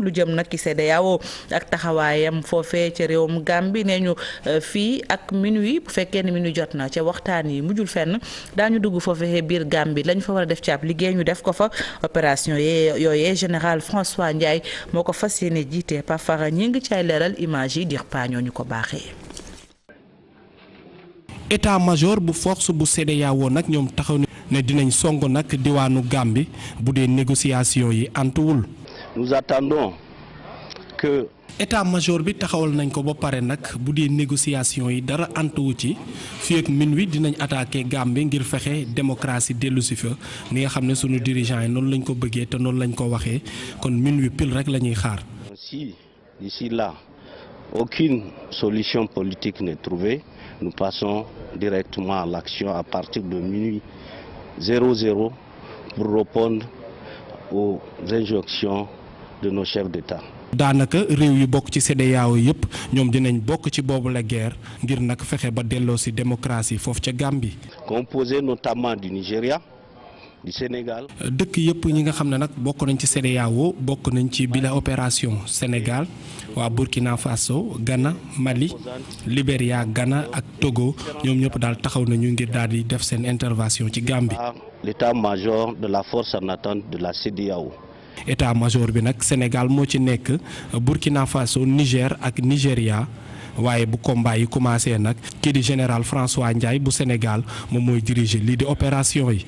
lu jëm nag ci CEDEAO ak taxawaayam foofee ca réewum Gambie nee ñu euh, fii ak minuit bu fekkee ne minuit jot na ca waxtaan yi mujjul fenn daa ñu dugg foofee biir Gambie lañ fa war a def ci ab liggéey ñu def ko fa opération yee yooyee général François Ndiaye moo ko fas yéene jiite Pafara ñi ngi caay leeral image yi diir paa ñu ko baaxee. état major bu force bu CEDEAO nag ñoom taxaw ne dinañ song nag diwaanu Gambie bu dee yi antuwul. nous attendons que. état-major bi taxawal nañ ko ba pare nag bu dee négociation yi dara antuwu ci fii ak minuit dinañ attaqué Gambie ngir fexe démocratie dellu fa ni nga xam ne sunu dirigeant yi noonu lañ ko bëggee te noonu lañ ko waxee kon minuit pile rek la ñuy xaar. si d'ici là aucune solution politique n'est trouvée nous passons directement à l'action à partir de minuit 00 pour répondre aux injonctions. de nos chefs d'État. daanaka réew yi bokk ci CEDEAO yëpp ñoom dinañ bokk ci boobu la guerre ngir nag fexe ba delloo si démocratie foofu ca Gambie. composé notamment du Nigeria. du Sénégal. dëkk yëpp ñi nga xam ne nag bokk nañ ci CEDEAO bokk nañ ci bila opération Sénégal waa Burkina Faso Ghana Mali Libéria gana ak Togo ñoom ñëpp daal taxaw nañu ngir daal di def seen intervention ci Gambie. bi major de la force en attente la CEDEAO. état major bi nag Sénégal moo ci nekk Burkina Faso Niger ak Nigéria waaye bu combat yi commencé nag kii di général François Ndiaye bu Sénégal moom mooy diriger lii di opération yi.